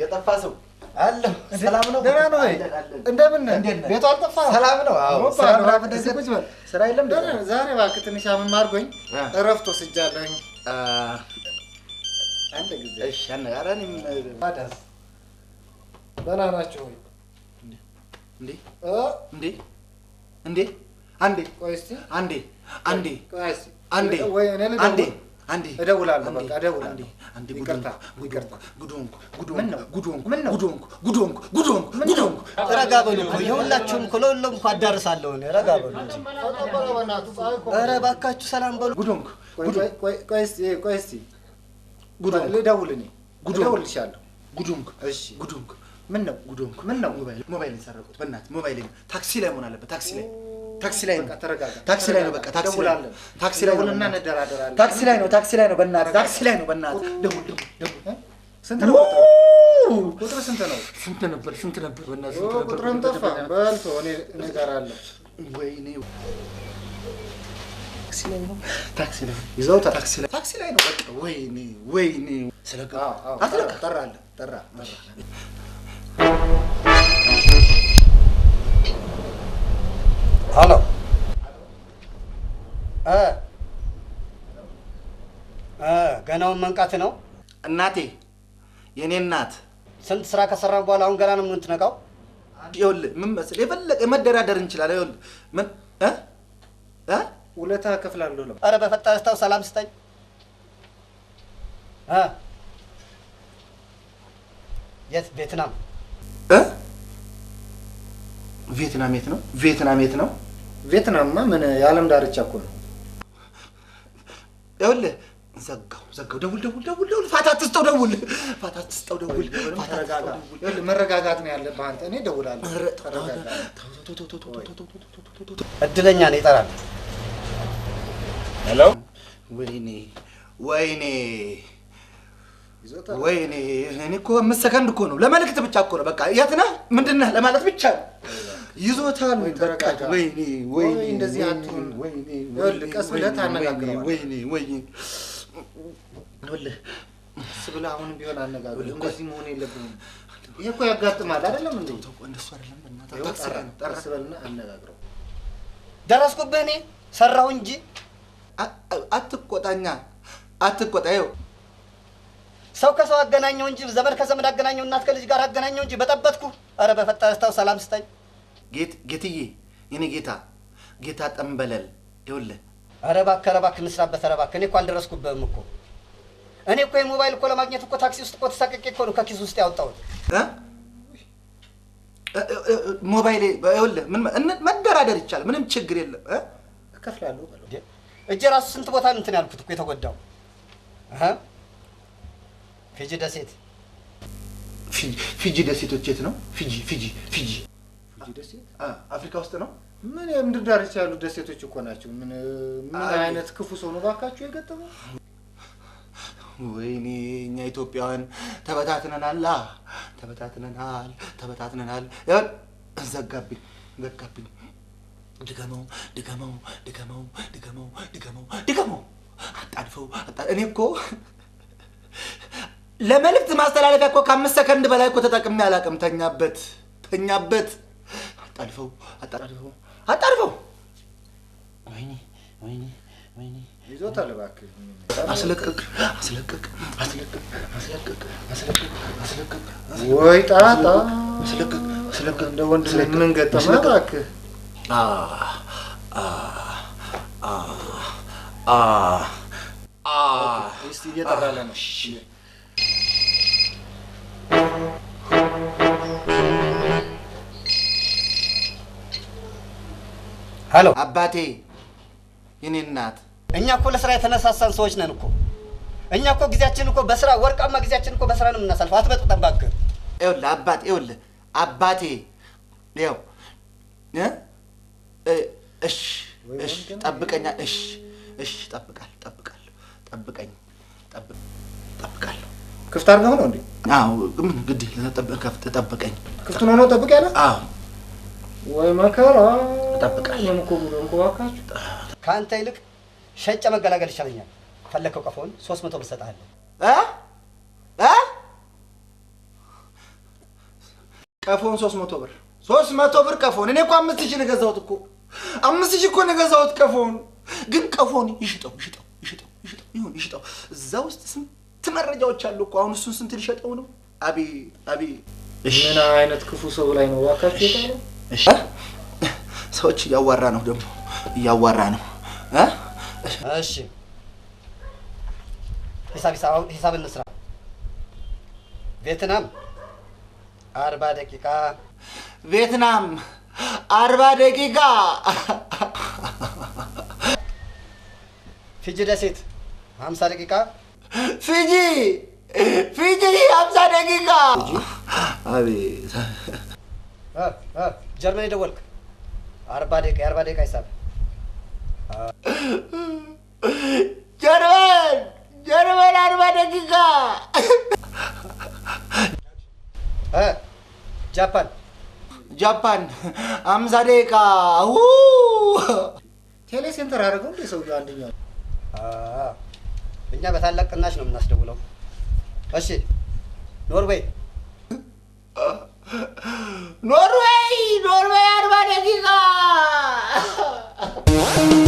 የጠፋ ሰው አለ። ሰላም ነው? ደህና ነው እንደምን ቤቱ አልጠፋም? ሰላም ነው? ስራ የለም? ዛሬ እባክህ ትንሽ አመም አድርጎኝ እረፍት ወስጃለሁኝ። ደህና ናቸው ወይ? እንዴ እንዴ አንዴ ቆይ እስኪ አንዴ አንዴ አንዴ አንዴ አንዴ እደውላለሁ። በቃ እደውላለሁ። አንዴ ይቅርታ፣ ይቅርታ። ጉድ ሆንኩ፣ ጉድ ሆንኩ፣ ጉድ ሆንኩ፣ ጉድ ሆንኩ፣ ረጋ በሉ እኮ የሁላችሁም እኮ ለሁሉም እኮ አዳርሳለሁ። ረጋ በሉ እንጂ ኧረ እባካችሁ ሰላም በሉ። ጉድ ቆይ እስኪ፣ ቆይ እስኪ ጉድ ልደውል እኔ እደውልልሻለሁ። ጉድ እሺ፣ ጉድ ሆንኩ። ምን ነው ሞባይል ሞባይል የሰረቁት? በእናትህ ሞባይል ታክሲ ላይ መሆን አለበት ታክሲ ላይ ታክሲ ላይ ነው፣ ታክሲ ላይ ነው፣ በቃ ታክሲ ላይ ነው፣ ታክሲ ላይ ነው፣ ታክሲ ላይ ነው፣ ታክሲ ላይ ነው፣ በእናትህ ታክሲ ላይ ነው፣ በእናትህ ደውል፣ ደውል፣ ስንት ነው ቁጥርህ? ስንት ነው? ስንት ነበር? ስንት ነበር? በእናትህ ቁጥርህም ጠፋ። በል እኔ እነግርሃለሁ። ወይኔ ታክሲ ላይ ነው፣ ታክሲ ላይ ነው፣ ታክሲ ላይ ታክሲ ላይ ነው፣ በቃ ወይኔ፣ ወይኔ። ስለጋ አትለቃ ጠራ ጠራ ጠራ హలో ገናውን መንቃት ነው እናቴ። የኔ እናት ስንት ስራ ከሰራን በኋላ አሁን ገና ነው የምትነቃው? ይኸውልህ ምን መሰለህ የፈለቀ መደራደር እንችላለን። ይኸውልህ ምን ውለታ እከፍላለሁ ነው። ኧረ በፈጠረህ ተው፣ ሰላም ስጠኝ። የት ቬትናም ቪየትናም የት ነው? ቪየትናም የት ነው? ቪየትናምማ ምን የዓለም ዳርቻ እኮ ነው። ይኸውልህ ዘጋው ዘጋው። ደውል ደውል ደውል ደውል። ፋታ አትስጠው፣ ደውል ፋታ አትስጠው፣ ደውል ፋታ አትስጠው። ይኸውልህ መረጋጋት ነው ያለ አንተ። እኔ እደውላለሁ። እድለኛ ነው ይጠራል። ሄሎ። ወይኔ ወይኔ ወይኔ እኔ እኮ አምስት ሰከንድ እኮ ነው ለመልእክት ብቻ እኮ ነው። በቃ የት ነህ ምንድን ነህ ለማለት ብቻ ነው። ይዞታል። ወይኔ ወይኔ፣ እንደዚህ አትሁን። ቀስ ብለህ ታነጋግረዋለህ። ወይኔ ወይኔ፣ ቀስ ብለህ አሁንም ቢሆን አነጋግረው። እንደዚህ መሆን የለብንም። ይሄ እኮ ያጋጥማል። አይደለም እንደ እንደሱ አይደለም። ጠርስ በልና አነጋግረው። ደረስኩብህ። እኔ ሰራሁ እንጂ አትቆጣኛ፣ አትቆጣ። ይኸው ሰው ከሰው አገናኘው እንጂ ዘመድ ከዘመድ አገናኘው እናት ከልጅ ጋር አገናኘው እንጂ በጠበጥኩ። አረ በፈጠረ ስታው ሰላም ስታኝ ጌትዬ፣ የኔ ጌታ ጌታ ጠንበለል ይውልህ። ኧረ እባክህ ኧረ እባክህ እንስራበት። ኧረ እባክህ እኔ እኮ አልደረስኩበትም እኮ እኔ እኮ የሞባይል እኮ ለማግኘት እኮ ታክሲ ውስጥ እኮ ተሳቀቄ እኮ ነው ከኪስ ውስጥ ያወጣሁት ሞባይሌ ይኸውልህ መደራደር ይቻላል፣ ምንም ችግር የለም። እከፍላለሁ እጄ ራሱ ስንት ቦታ እንትን ያልኩት እኮ የተጎዳው ፊጂ ደሴት ፊጂ ደሴቶች የት ነው? ፊጂ ፊጂ ፊጂ እዚህ ደሴት አፍሪካ ውስጥ ነው። ምን የምድር ዳርቻ ያሉት ደሴቶች እኮ ናቸው። ምን ምን አይነት ክፉ ሰው ነው ባካችሁ የገጠመው? ወይኔ እኛ ኢትዮጵያውያን ተበታትነናል፣ ተበታትነናል፣ ተበታትነናል። ዘጋብኝ፣ ዘጋብኝ። ድገመው፣ ድገመው፣ ድገመው፣ ድገመው፣ ድገመው፣ ድገመው። አጣድፈው እኔ እኮ ለመልእክት ማስተላለፊያ እኮ ከአምስት ሰከንድ በላይ እኮ ተጠቅሜ አላውቅም። ተኛበት፣ ተኛበት አጣድፈው አጣድፈው አጣድፈው። ወይኔ ወይኔ ወይኔ ይዞታል። እባክህ አስለቀቅ አስለቀቅ አስለቀቅ አስለቀቅ አስለቀቅ አስለቀቅ ወይ ጣጣ አስለቀቅ አስለቀቅ። እንደ ወንድ ምን ገጠመህ እባክህ? አ አ አ አ አ እስቲ እየጠራለ ነው ሄሎ አባቴ፣ የኔ እናት፣ እኛ እኮ ለስራ የተነሳሳን ሰዎች ነን እኮ። እኛ እኮ ጊዜያችን እኮ በስራ ወርቃማ ጊዜያችን እኮ በስራ ነው የምናሳልፈው። አትበጥብጠን እባክህ። ይኸውልህ አባቴ፣ ይኸውልህ አባቴ፣ ይኸው እሺ፣ እሺ፣ ጠብቀኛ። እሺ፣ እሺ፣ ጠብቃለሁ፣ ጠብቃለሁ፣ ጠብቀኝ፣ ጠብቃለሁ። ክፍት አድርገው ነው እንዴ? ምን ግድ ጠብቀኝ። ክፍቱን ሆኖ ጠብቅ ያለ። አዎ፣ ወይ መከራ እጠብቃለሁ። ከአንተ ይልቅ ሸጬ መገላገል ይሻለኛል። ፈለግከው ቀፎውን ሶስት መቶ ብር እሰጥሃለሁ። ቀፎውን ሶስት መቶ ብር ሶስት መቶ ብር ቀፎን። እኔ እኮ አምስት ሺህ ነው የገዛሁት እኮ አምስት ሺህ እኮ ነው የገዛሁት ቀፎን። ግን ቀፎን ይሽጠው ይሽጠው ይሽጠው ይሽጠው ይሁን ይሽጠው። እዛ ውስጥ ስንት መረጃዎች አሉ እኮ አሁን እሱን ስንት ልሸጠው ነው? አቤ አቤ! ምን አይነት ክፉ ሰው ላይ ነው እባካችሁ የጣለው? ሰዎች እያዋራ ነው ደግሞ እያዋራ ነው። እሺ ሂሳብ እንስራ። ቬትናም አርባ ደቂቃ ቬትናም አርባ ደቂቃ ፊጂ ደሴት ሀምሳ ደቂቃ ፊጂ ፊጂ ሀምሳ ደቂቃ አቤት ጀርመን ደወልክ አርባ ደቂቃ የአርባ ደቂቃ ሂሳብ ጀርመን ጀርመን አርባ ደቂቃ ጃፓን ጃፓን አምሳ ደቂቃ ቴሌ ሴንተር አደረገው እንደ ሰውዬው አንደኛው እኛ በታላቅ ቅናሽ ነው የምናስደውለው እሺ ኖርዌይ ኖርዌይ ኖርዌይ አርባ ደቂቃ What?